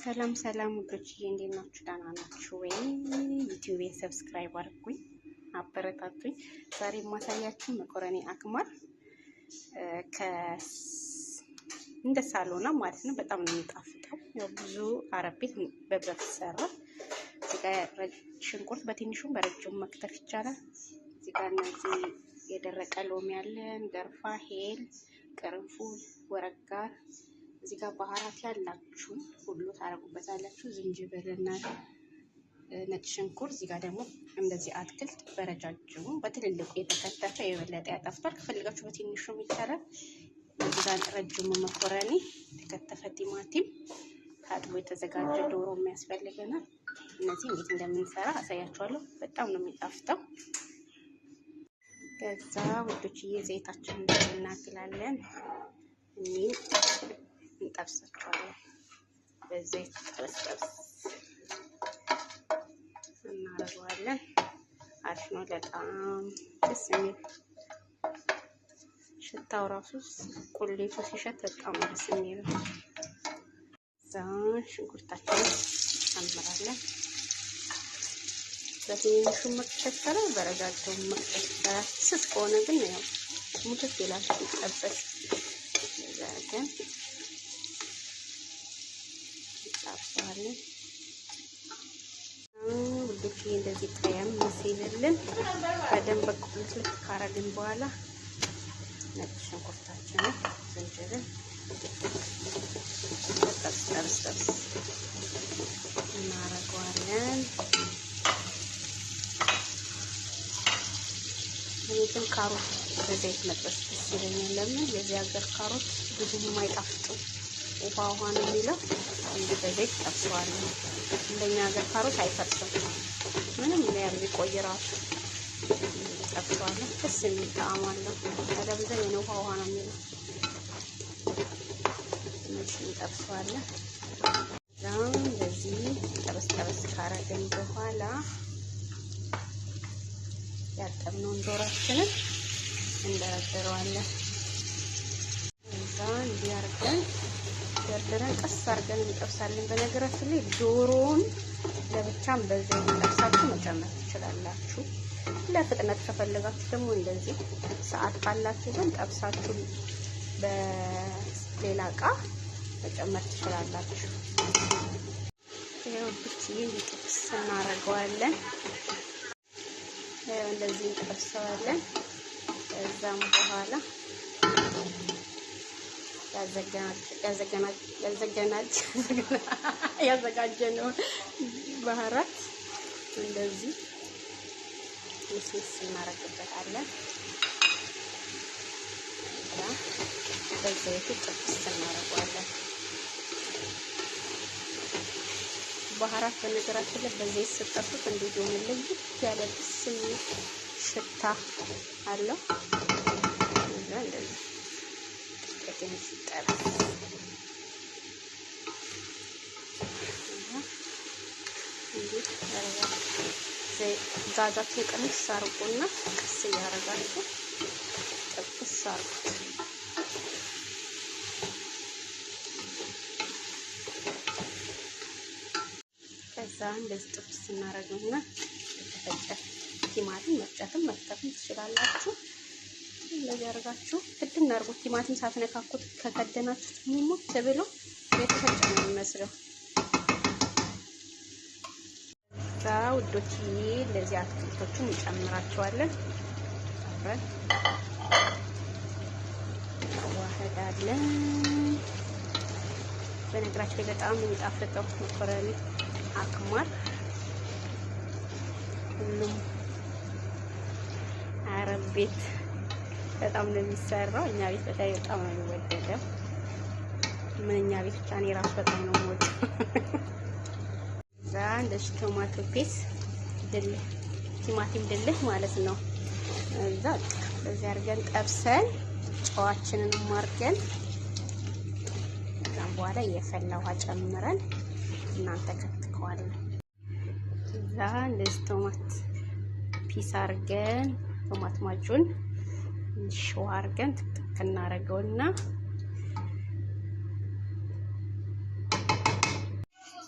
ሰላም ሰላም ይሄ እንዴት ናችሁ? ደህና ናችሁ ወይ? ዩቲዩብን ሰብስክራይብ አድርጉኝ፣ አበረታቱኝ። ዛሬ የማሳያችሁ መኮረኒ አክማር እንደ ሳሎና ማለት ነው። በጣም ነው የሚጣፍጠው። ያው ብዙ አረብ ቤት በብረት ይሰራል። እዚጋ ሽንኩርት በትንሹም በረጅሙ መክተፍ ይቻላል። እዚጋ እነዚህ የደረቀ ሎሚ ያለን፣ ገርፋ፣ ሄል፣ ቅርንፉል፣ ወረጋር እዚህ ጋር ባህራት ያላችሁ ሁሉ ታረጉበታላችሁ። ዝንጅብልና ነጭ ሽንኩርት። እዚህ ጋር ደግሞ እንደዚህ አትክልት በረጃጅሙ በትልልቁ የተከተፈ የበለጠ ያጣፍጣል። ከፈለጋችሁ በትንሹ ይቻላል። እዚህ ጋር ረጅሙ መኮረኒ፣ የተከተፈ ቲማቲም፣ ታጥቦ የተዘጋጀ ዶሮ የሚያስፈልገናል። እነዚህ እንዴት እንደምንሰራ አሳያችኋለሁ። በጣም ነው የሚጣፍጠው። ከዛ ውዶችዬ ዘይታችንን እናግላለን እኔ እንጠብሳቸዋለን። በዘይት ጠብስጠብስ እናደርገዋለን። አሪፍ ነው። በጣም ደስ የሚል ሽታው ራሱ ቁሌቱ ሲሸት በጣም ደስ የሚል ዛ ሽንኩርታችንን እንጨምራለን። በትንሹ ምርት ይከተላል፣ በረጃጅሙ ምርት ይከተላል። ስስ ከሆነ ግን ያው ሙትት ይላል ሲጠበስ ግን እናደርገዋለን። ውዶች እንደዚህ ቀያም ሲልልን በደንብ ቁልት ካረግን በኋላ ነጭ ሽንኩርታችንን፣ ዝንጅብል ጠብስ እናረገዋለን። እኔ ግን ካሮት በዘይት መጥበስ ደስ ይለኛል። ለምን የዚህ ሀገር ካሮት ብዙም አይጣፍጥም። ውሃ ውሃ ነው የሚለው እንዲበሄድ ጠብሰዋል። እንደኛ ሀገር ካሮት አይፈርስም ምንም ያህል ቢቆይ ራሱ ጠብሰዋል። ደስ የሚል ጣዕም አለው። አለበለዚያ የሆነ ውሃ ውሃ ነው የሚለው ትንሽ እንጠብሰዋለን። ዛም በዚህ ጠበስ ጠበስ ካረግን በኋላ ያጠብነውን ዶሯችንን እንደረድረዋለን። እዛ እንዲያርገን ደርድረን ቀስ አድርገን እንጠብሳለን። በነገራችን ላይ ዶሮውን ለብቻም በዚህ እንጠብሳችሁ መጨመር ትችላላችሁ። ለፍጥነት ከፈለጋችሁ ደግሞ እንደዚህ ሰዓት ካላችሁ ግን ጠብሳችሁ በሌላ እቃ መጨመር ትችላላችሁ። ይኸው ብቻዬ ጥብስ እናደርገዋለን። እንደዚህ እንጠብሰዋለን። ከዛም በኋላ ያዘጋጀነውን ባህራት እንደዚህ ምስምስ እናረግበታለን። በዘይቱ ጥብስ እናረጓለን። ባህራት በነገራችን ላይ በዘይት ስጠብቅ እንዴት የሆነ ለየት ያለ ስሜት ሽታ አለው። እንደዚህ እንደዚህ ሲጠራ ዛዛችሁ ቀንስ አርጉና ቀስ እያደረጋችሁ ጥብስ አርጉት። ከዛ እንደዚህ ጥብስ እናደርገውና የተፈጨ ቲማቲም መፍጨትም መክተፍም ትችላላችሁ። እንደዚህ አድርጋችሁ ክድን አድርጉት። ቲማቲም ሳትነካኩት ከከደናችሁት ሙሙት ብሎ የተፈጨ ነው የሚመስለው። ውዶችዬ እንደዚህ አትክልቶቹን እንጨምራቸዋለን። አብረን አዋህዳለን። በነገራችን ላይ በጣም የሚጣፍጠው መኮረኒ አክማር ሁሉም አረብ ቤት በጣም ነው የሚሰራው። እኛ ቤት በተለይ በጣም ነው የሚወደደው። ምን እኛ ቤት ብቻ እኔ ራሱ በጣም ነው የምወደው። እዛ እንደዚህ ቶማቶ ፔስ ድልህ ቲማቲም ድልህ ማለት ነው። እዛ በዚህ አድርገን ጠብሰን ጨዋችንን ማርገን ከዛም በኋላ የፈላ ውሃ ጨምረን እናንተ ከትከዋለን። እዛ እንደዚህ ቶማት ፒስ አርገን ቶማት ማጁን ሸዋ አድርገን ትክትክ እናደርገውና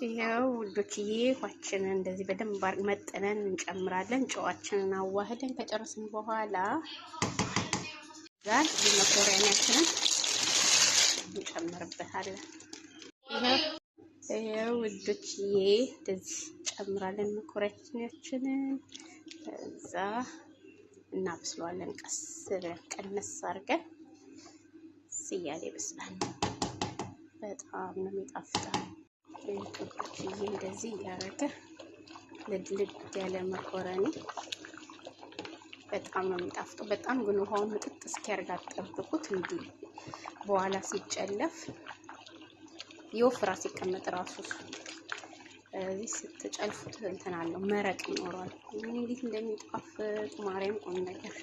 ይኸው ውዶችዬ ኳችንን እንደዚህ በደንብ መጥነን እንጨምራለን። ጨዋችንን አዋህደን ከጨረስን በኋላ ጋር መኮረኒያችንን እንጨምርበታለን። ይኸው ውዶችዬ እንደዚህ እንጨምራለን መኮረኒያችንን ከዛ እናብስለዋለን። ቀስ ብለን ቀነስ አድርገን ስያሌ ይበስላል። በጣም ነው የሚጣፍጠው። ቶቶችዬ እንደዚህ እያደረገ ልድልድ ያለ መኮረኒ በጣም ነው የሚጣፍጠው። በጣም ግን ውሃውን ምጥጥ እስኪያርጋ ጠብቁት። እንዲህ በኋላ ሲጨለፍ ይወፍራ ሲቀመጥ ራሱ ስትጨልፉት እንትን አለው መረቅ ይኖረዋል። እንዴት እንደሚጣፍጥ ማርያም ቆም ነገር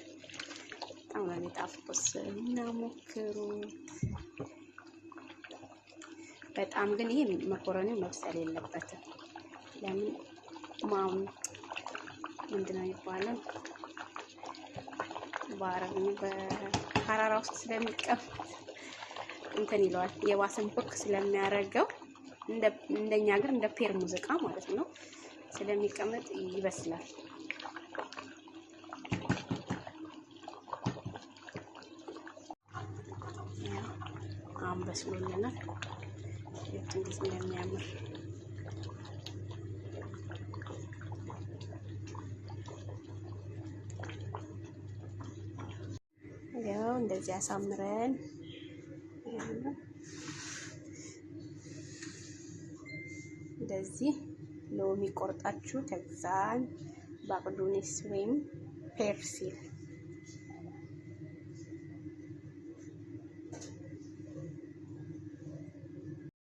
በጣም ነው የሚጣፍጡት እና ሞክሩት። በጣም ግን ይሄ መኮረኒው መብሰል የለበትም። ለምን ማም ምንድነው ይባላል የሚባለው በሀራራ ውስጥ ስለሚቀፍ እንትን ይለዋል የባስን ብክ ስለሚያደርገው እንደኛ ሀገር እንደ ፔር ሙዚቃ ማለት ነው ስለሚቀመጥ ይበስላል። አሁን በስሎልናል። እንዴት እንደሚያምር ያው እንደዚህ አሳምረን እንደዚህ ሎሚ ቆርጣችሁ ከዛን ባቅዱኒስ ወይም ፔርሲል